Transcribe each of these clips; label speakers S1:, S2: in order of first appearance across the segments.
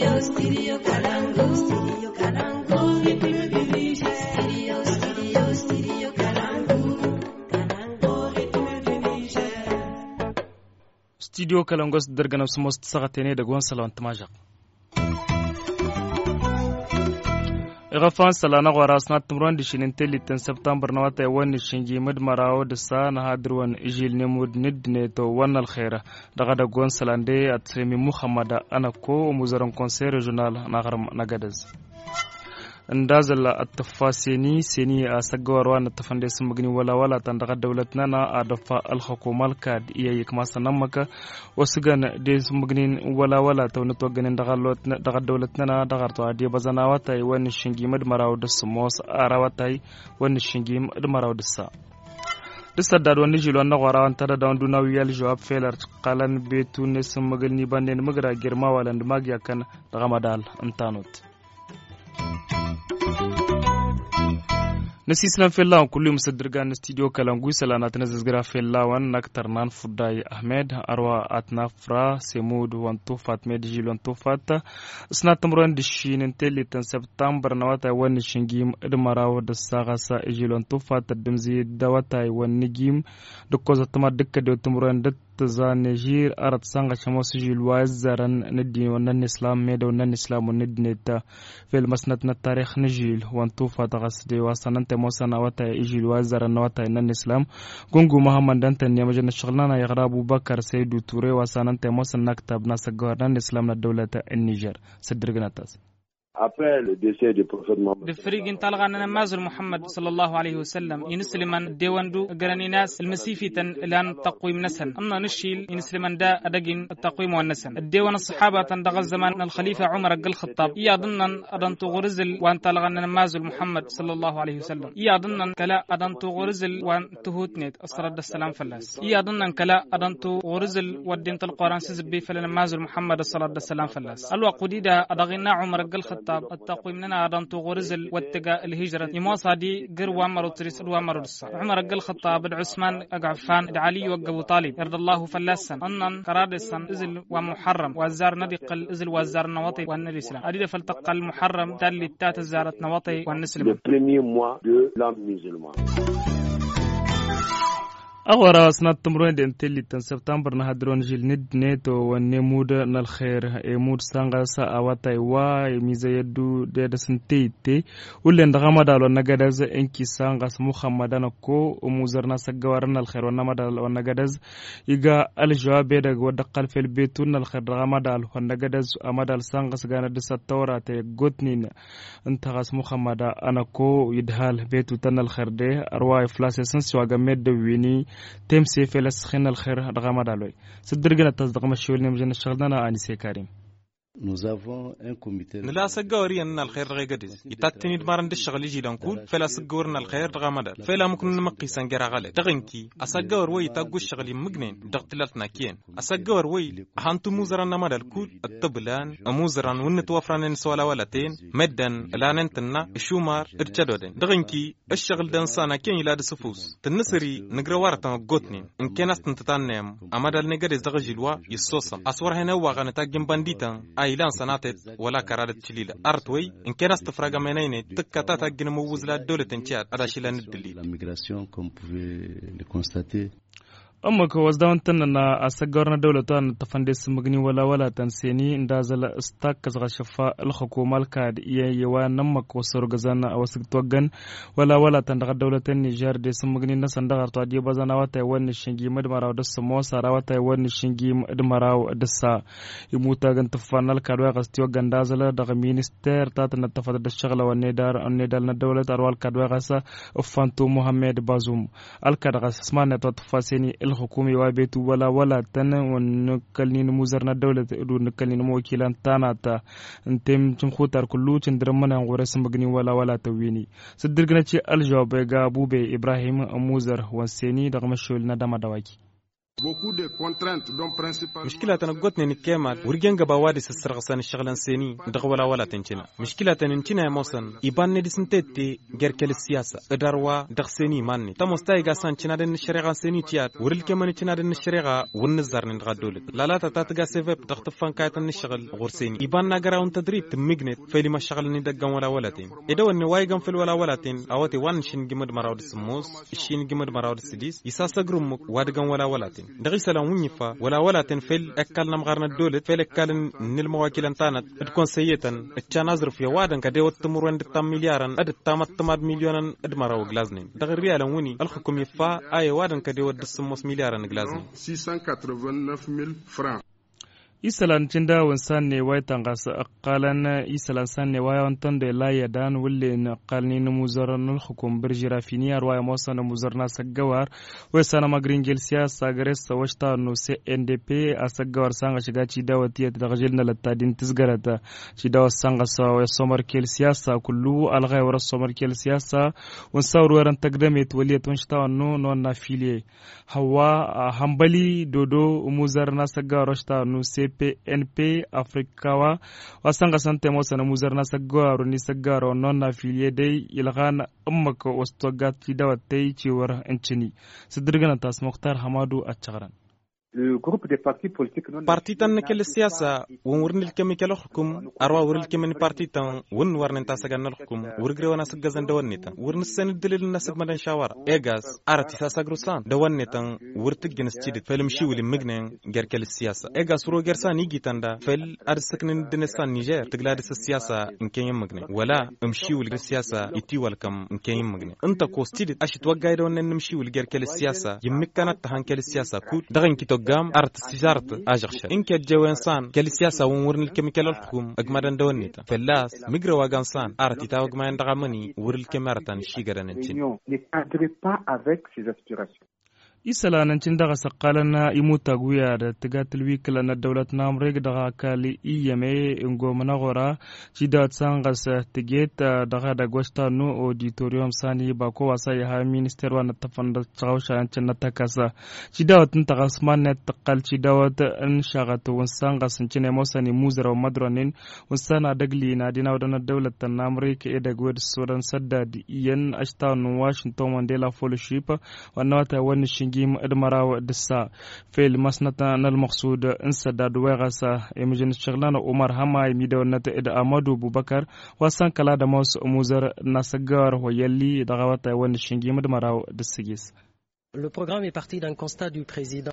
S1: Studio, kalangos Kalangu. Studio Kalangu. Studio, studio, studio Kalangu.
S2: Kalangu, Rafan Salana gwara suna tumuron da shinin telitin Septambar na wata yawan shingi mid marawo da sa na hadirwan ijil ne mud nid ne to wannan alkhaira daga da gwan salande a tsirmi Muhammada ana ko muzaran konser regional na gadaz. ndazala atafa seni seni a sagawarwana tafandesu magni walawala tandaqa dowladnana a dhafa alxukumalkaad iyay kmasanamaka wasugan desu magnin walawala tawnatwaganin daqa dowladnana daqarto adi bazanawatay wani shingimad marawdis moos arawatay wani shingim dmarawdisa dhisadhaadwani jilwanaqorawantadhadhawandunaawiyal joab felert qalan betunes magalnibanen magra girmawaland magyakan dhaqamadhaal intaanut nasiisnan fellaa kulli na studio kalangu salanat nazazgira nak Tarnan fuday ahmed arwa atna fra semud wantu fatmed jil wantu fata snatamuran dishininte litan septambar nawatai wani shingim idmaraw da sa jil zi fata dimzi dawatai wani gim dukko zatuma dukka da tumuran za niger arat sanga chamo sijil wa zaran nadi wannan islam me da wannan islam nadi ta fil masnat na tarikh nijil wan tufa ta gasde wa sanante mo sana wata ijil wa zaran wata nan islam gungu muhammad danta ne majana shaghlana ya gara abubakar saidu ture wa sanante mo sanaktab na sagar nan islam na dawlata niger sadirgna tas après le
S1: décès du بفريق طلغنا محمد صلى الله عليه وسلم ينسلم ديواندو المسيفي تن لان تقويم نسن أما نشيل ينسلم دا أدقين التقويم والنسن الديوان الصحابة دغ الزمان الخليفة عمر قل الخطاب يا ضمن أدن تغرزل وان طلغنا نماز محمد صلى الله عليه وسلم يا ضمن كلا أدن تغرزل وان تهوتنيت أسرد السلام فلاس يا ضمن كلا أدن تغرزل ودين القرآن سيزبي فلنماز محمد صلى الله عليه وسلم فلاس الوقودي دا أدغنا عمر قل الخطاب الخطاب التقويم ننا عدن تغرز واتقاء الهجرة يموصا دي قر وامر وتريس وامر رسا عمر قل خطاب العثمان أقعفان علي وقبو طالب رضي الله فلاسن أنن كرادسا إزل ومحرم وزار نبي قل إزل وزار نواطي والنرسلام أديد فلتق المحرم تالي تات زارت نواطي والنسلم
S2: Le أورا سنات تمرون دين تلي تن سبتمبر نهدرون جيل ند نيتو ونمود نالخير إمود سانغا سا أواتاي وا ميزا يدو ديدا سنتي تي ولن دغاما دالو نغادز إنكي سانغا سمحمدان كو وموزرنا سقوارنا الخير ونما دالو نغادز إيغا الجواب دغ ودقل في البيتو نالخير دغاما دالو نغادز أما دال سانغا سغانا دسا تورا تي غوتنين انتغاس محمدا أنا كو يدهال بيتو تن الخير دي أرواي فلاسي سنسوا غمد ويني تم سیفیلس خین الخیر رغمدالوی سدرګنه تصدق مشول نیم جن شغلدنه انیسه کریم
S3: نلا سجوري أن الخير رغي قدز يتاتني دمارن دي الشغل يجي لنكود فلا سجورنا الخير رغا مدل فلا مكن نمقي سنجرا غلط دغنكي أسجور وي تاقو الشغل مجنين دغتلتنا كين أسجور وي أحانتو موزرنا مدل كود الطبلان أموزران ون توفران نسوالا ولتين مدن لاننتنا الشومار ارتشادودين دغنكي الشغل دانسانا كين يلاد سفوس تنسري نقروارتا قوتنين إن كانت تنتتانيم أمدل نقدز دغجلوا يسوسم أسوار هنا واغانا تاقين بانديتان ailan sanatet wala karadat chilila artway in kenas tafraga menayne tikkata tagin mawuzla dole tenchiyat adashila nidili
S2: أمك وزدان تننا أسجرنا دولة أن تفندس مغني ولا ولا تنسيني ندازل استاكز غشفا الحكومة الكاد يوا نمك وسرغزانا وسكتوغن ولا ولا تندغ دولة النيجر دي سمغني نسندغ تادي بزانا واتا ون شنجي مدمراو دس موسى راواتا ون شنجي مدمراو دس يموتا غن تفان الكاد وغستيوغن دازل دغ مينستير تاتنا تفاد الشغل والندار الندار الدولة أروال كاد وغسا أفانتو محمد بازوم الكاد غس اسمان تفاسيني الحكومي وابيت ولا ولا تن ونكلين مزرنا الدولة إدو نكلين موكلا تانا تا انتم تنخوتر كلو تندرمنا ورس مغني ولا ولا تويني سدرقنا تي الجواب غابو بي إبراهيم موزر وسيني دغمشول ندم دواكي
S3: مشكلة قوتنا نكيمات ورجن قبا وادي سسرغسان الشغلان سيني ندغ ولا ولا تنشنا مشكلة ننشنا يا موسن إبان ندي سنتتي غير كل السياسة إداروا دغ سيني ماني تا مستاي غاسان چنا دن الشريغة سيني تيات ورل كمان چنا دن الشريغة ونزار ندغ دولك لالا تتات غاسي فيب دغ تفان كايت الشغل غور سيني إبان ناقرا ون تدريب تمجنت فيلي ما الشغل ندقن ولا ولا تين إدو أني وايقن في الولا ولا تين أواتي وان شين جمد مراود السموس شين جمد مراود السديس يساسا قرمك وادقن ولا ولا تين دغي سلام ونيفا ولا ولا تنفل اكلنا مغارنا الدولة فيل اكلن ان المواكيل انتانت تكون سيئتا اتشانازر في وادن كدي وتمر وند تام مليارا اد تام تماد مليونن اد مراو غلازنين دغ الريال وني الخكم يفا اي وادن كدي ود 500 غلازنين 689 فرانك
S2: isalan cinda wansan ne wai tangas qalan isalan san ne wai wantan da la ya dan wulle na qalni na muzaran al hukum bir jirafini ar wai mosa na muzarna saggawar wai sana magrin gel siyasa gare sa washta no se ndp a saggawar san ga shiga ci dawati da gajil na latadin tisgarata ci dawa san ga sa wai somar kel siyasa kullu al ghayr somar kel siyasa wan sawr waran tagdame waliyat wan shta no no na filie hawa hambali dodo muzarna saggawar washta no se DPNP Afrikawa waasan qasantemo sanamuzarna sagoaroni sagaro non afiliyeday ilqaan ummaka wastogaad fidhawatay ciwar inchini sidirgana taas mukhtaar hamadu achaqran
S3: بارتيتان نكل السياسة ونورن الكمي كل حكم أروا ور الكمي بارتيتان ون ورن انتا سجن الحكم ورقري وانا سجزن دوانيتا ورن السنة دليل الناس بدنا نشاور إيجاز أرتي ساسا جروسان دوانيتا ورتجن استيد فلمشي ولي مجنن غير كل السياسة إيجاز رو غير سان يجي تندا فل أرسكن الدنسان نيجر تقلادس السياسة إن كان يمجنن ولا امشي ولي السياسة يتي ولكم إن كان يمجنن أنت كوستيد أشي توقع دون نمشي ولي غير كل السياسة يمكنت تهان كل السياسة كل دغن كتو قام أرت استجارة أجر شر إنك الجو إنسان كل سياسة ونورن الكيميكال الحكوم أجمد عند ونيتا فلاس مغر واجان سان أرت تاو أجمد عند غامني ورل كمارتان شيجرن إنتين
S2: isalaanancin daga saqalana imutaguyada tigatilwiklana dowladnamrig daga kali iyame ingomnagora cidatsangas tigeta daga dagwastanu auditorium sani bakowasa yaha minister wana tafanda cawshayancina takasa cidawatin tagasmane tiqal cidawat nshagato wunsangasincinemo mosani muzara madronin wunsana daglina dinawadana dowladtanamrig edagwed sodan sadad iyan ashtanu washington mandela fellowship wanawata wanishin ngim admaraw sa fel masnata nal maqsud insada du wegasa e mi jeni cheglana umar hamay mi don nata ed amadou boubakar wa sankala da mos muzar nasagar ho yelli dagawata won shingim admaraw sigis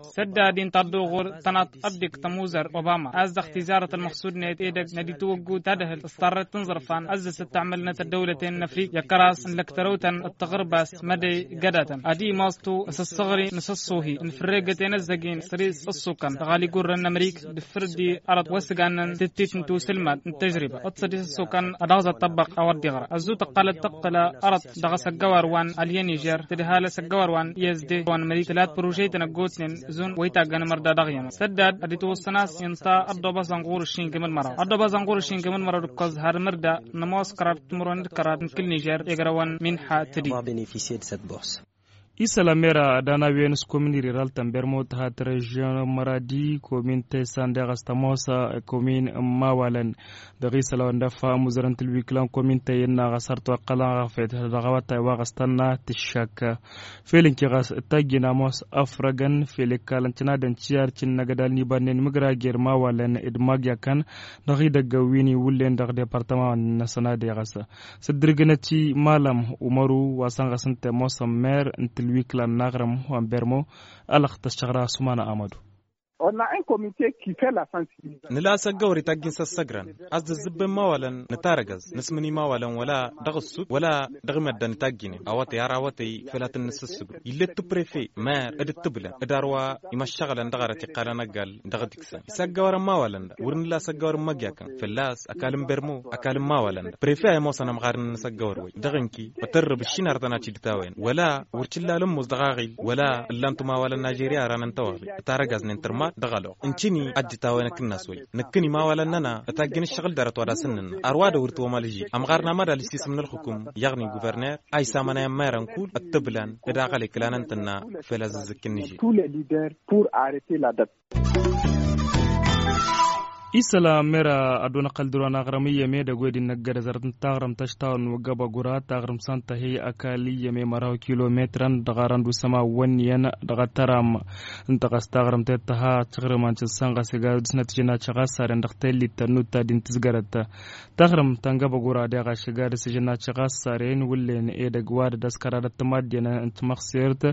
S1: سدادين تردوغور تنات أدك تموزر أوباما أز اختزارة المقصود نيت إيدك ندي توقو تدهل استرت تنظرفان أز ستعمل نت الدولة النفريق يكراس لكتروتا التغرباس مدي قداتا أدي ماستو الصغري نسسوهي انفرقت نزقين سريس السوكان غالي قرر أمريك دفردي أرد وسقان تتيت نتو سلمان التجربة أتصدي السوكان أدغز الطبق أو الدغرة أزو تقال التقل أرد دغس القواروان الينيجر تدهال سقواروان يز تبدي وان تلات پروژه تن گوت تنقوتين زون ويتا غن مردا دغيما سداد ادي انتا ادو ادوبا زنقور شين گمن مرا ادو ادوبا زنقور شين گمن مرا قز هر مردا نماز قرار تمرون قرار كل نيجر من حات تدي
S2: Issa Lamera dana Vênus commune rural Tambermot hat région Maradi commune Tessande Rastamosa commune Mawalan da Risa Lawanda fa muzarantil wiklan commune Tayena Rasarto Qalan Rafet Rawata wa Rastana Tishaka felin ki ras tagina mos afragan felin kalantina dan ciyar cin nagadal ni banen migra ger Mawalan idmag yakan da rida gawini wulen da département national de Rasa sadirgana ci malam Umaru wasan rasanta mosam maire لويك لان نغرم وان
S3: بيرمو الاخ
S2: تشغرا سمانا امدو
S3: On a un comité qui fait la
S2: sensibilisation.
S3: Nila sagawri tagin sassagran. Az da zibbin mawalan nitaragaz. Nismini mawalan wala dagsut wala dagmaddan taginin. Awati arawati filatin nissusugu. Yillettu prefe mair edit tubla. Idarwa imashagalan dagarati qalanagal dagdiksan. Isagawara mawalan da. Wurin la sagawar magyakan. Filas akalin bermu akalin mawalan da. Prefe ay mawsan amgarin nisagawar way. Daginki batarrib shinar tana chiditawayn. Wala wurchillalum muzdagagil. Wala illantu mawalan Nigeria ranan tawagli. Itaragaz nintarma ما دغلو انكني اجتا وينك الناس وي نكني ما ولا ننا اتاجن الشغل درت ولا سنن اروا دورت وما لجي ام غارنا ما دالستيس من الحكم يغني غوفرنير اي سامنا ميرن كول التبلان اداقل كلان انتنا فلاز زكنجي كل ليدر بور اريتي لا
S2: isala mera aduna qalduran aqrama yeme dhagweedin nagada zartantaqram tashtawn wagaba gurat aqramsan tahi akali yeme maraw kilometran dhaqaran dusama wanyan dhaqataram intaqastaqram tetaha chaqraman chisanga siga disnatijina chaqasaren dhaqteli tanuta dintisgarata taqram tangaba gurade aqashiga disijina chaqasaren willen e dhagwad daskarada tamadyana intmaqsirta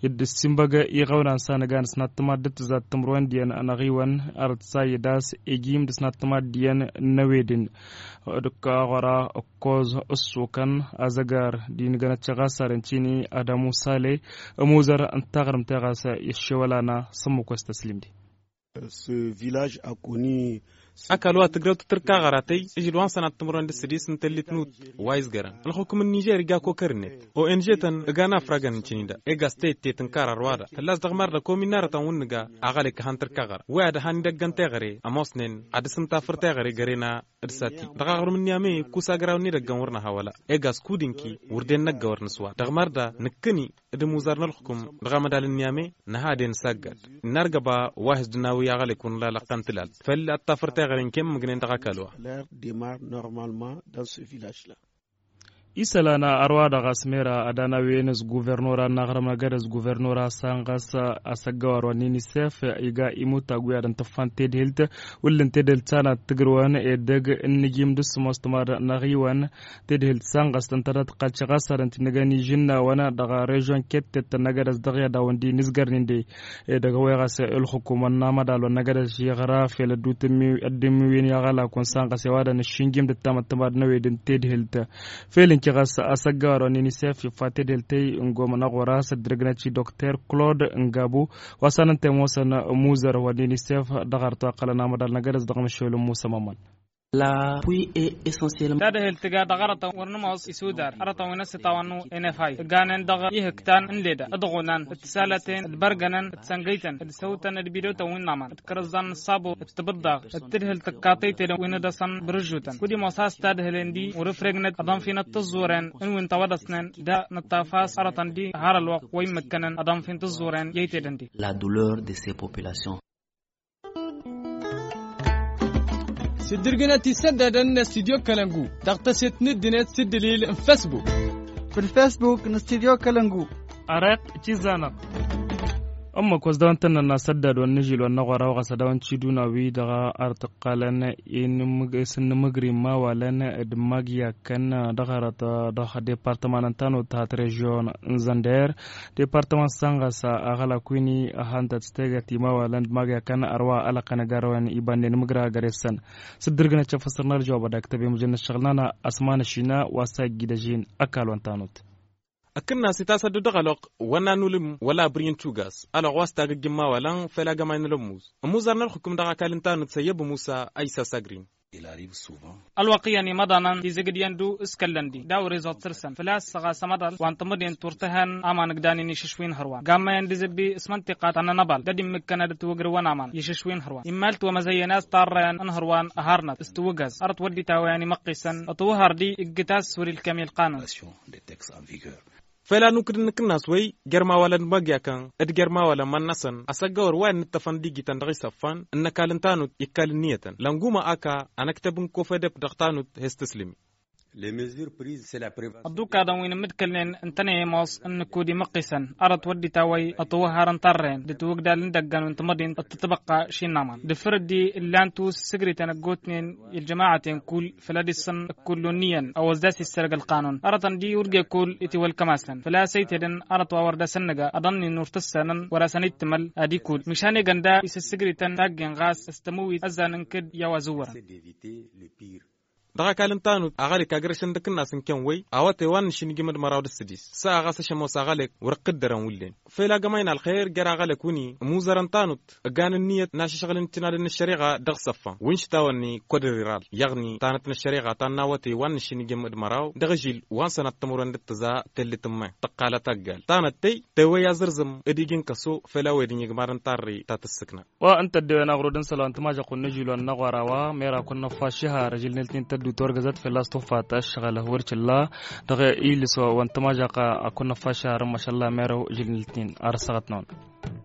S2: idsimbaga iqawnan sanagan snatamadat zatamruandian anaqiwan artsayidas e gimdi sna tama diyan na wedin duka wara koz usukan azagar din gana caga sarancini adamu sale muzar antagaram tagasa na samu kwas taslimdi
S3: euh, ce village a connu akalu waa tigrawtu tirkaa qaratay ijilwan sanad tmrandsdsntelitnut waisgaran alxukumu niger ko karinet oo enjetan gana a egas ka da ta fraganicinida egastettetnkararwada talasdaqmarda kominaratan wuniga aqalikahan tirka qara weada hanidagganteqare amosnen adisntafirteqare garena dsati daqaqrumniame kusagrawnidaggan warnahawala egas kudinki wurdennaggawarnaswa daqmarda nikkini idmuzarnalxukum na nahaden saggad inargaba wahisdunawiyaqalikunlalaqantilal fel attafirte l'air démarre
S2: normalement dans ce village là isalana arwada gasmera adana wenes guvernora nagrama gadas guvernora sangas asagawarwa ninisef iga imuta guyadanta fanted hilt wullin tedel tsana tigrwan edeg nigim dus mostmar nagiwan tedel sangas tantarat qalchagasarant tinagani jinna wana daga region kettet nagadas dagya dawandi nisgarninde daga wegas el hukuman namadalo nagadas yagra fel dutimi adimi wen yagala kon sangas yawadan shingim de tamatamad nawedin ted hilt felin kiras asagaro unicef fateleltey ngomna qorasa dirgnaci dr claude ngabu wasanante mosan muzar wa unicef daqarto qalanama dalnagadas daqmasholo musa maman la pui e essentiellement
S1: dada heltiga dagarata warnamos isudar arata wina sitawanu nfi ganen daga ihektan inleda adgunan اتصالتين البرغنن تسنجيتن السوتن البيروتا وينما تكرزن صابو التبضغ الترهل تكاتيت وين دسن برجوتن كودي مصاص تدهلندي ورفرغنت اضم فينا تزورن ان وين تودسنن دا نتافاس ارتن دي هار الوق ويمكنن اضم فين تزورن ييتدندي
S2: la douleur de ces populations سدرقناتي سددن استديو كلنقو تغتسيت ندنات سدليل في الفيسبوك في الفيسبوك نستديو كلنقو أرق تيزانا أما كوزدان نسدد ونجل ونغرا وغسدان تشيدونا ويدغا أرتقالنا إن سن مغري ما ولنا دماغيا كان دغرت دغ ديبارتمان تانو تات ريجيون زندير ديبارتمان سانغسا أغلا كويني هانتات ستيغتي ما ولن دماغيا كان أروا ألا كان غاروين إبان نمغرا غريسن سدرغنا تشفصرنا الجواب دكتبي مجنة شغلنا أسمان شينا واسا جيدجين أكالوان تانوت
S3: akkenna sita sadu dagalok wana nulim wala brin tugas ala wasta gagimma walan fela gama nulamus amuzar nal hukum daga kalinta nutsayyab musa aisa sagrin alwaqiyan madanan tizigdyandu iskallandi
S1: dawrizot tirsan filas saga samadal wantamudin turtahan aman gdanini shishwin harwan gammayan dizibbi ismantiqat ananabal dadimikkanadit wogirwan aman yishishwin harwan immalt wamazayanas tarrayan anharwan aharnat istuwagaz art wadditawayani maqisan atuwahardi iggitas
S3: surilkamil qanan felanu kidniknas wey germawalan magyakan ed germawalan mannasan asagawar wayan nittafandigi tandaki saffan innakalintanut ikkaliniyatan languma aka anaktabin kofedep daktanut hestislimi hadduu kaadan wayna medkelnen intanayemos inakudi maqisan arad wadhitaway
S1: atuwaharan tarren ditwagdalin dagan intamadin atatabaqa shinaman difirdi ilantus sigritan agotnen iljamaacaten kul filadisan kuloniyan awasdasi sergal qanun aratan di urge kul itiwalkamasan filaasayteden arat wawardasanaga adani nurtasanan warasanittimal adi kul mishane ganda isa sigritan taggen qas istamuwit azaninkid yawazuwaran
S3: daga kalin tanu a gale kagir shin da kinna sun ken wai a wata wan shin gimar maraw da sidis sa ga sa shamo sa gale warqid daran wullen fela ga mayna alkhair gara gale kuni mu zaran tanu ganin niyyat na shagalin tinadin shari'a dag saffa win shi tawani kodiriral yagni tanat na shari'a tan na wata wan shin gimar maraw daga jil wan sanat tamuran da taza tallitin mai taqala taggal tanat tai tai wai ya zirzum idigin kaso fela wai din yigmaran tarri ta tasikna
S2: wa anta da na gurudin salantu ma jaqun najilon nagwarawa mera kunna fashiha rajil niltin دو دور غزات في لاس توفا تشغل هورش الله دغه ایل سو وانتما جاقا رم ما شاء الله ميرو جلنتين ارسغت نون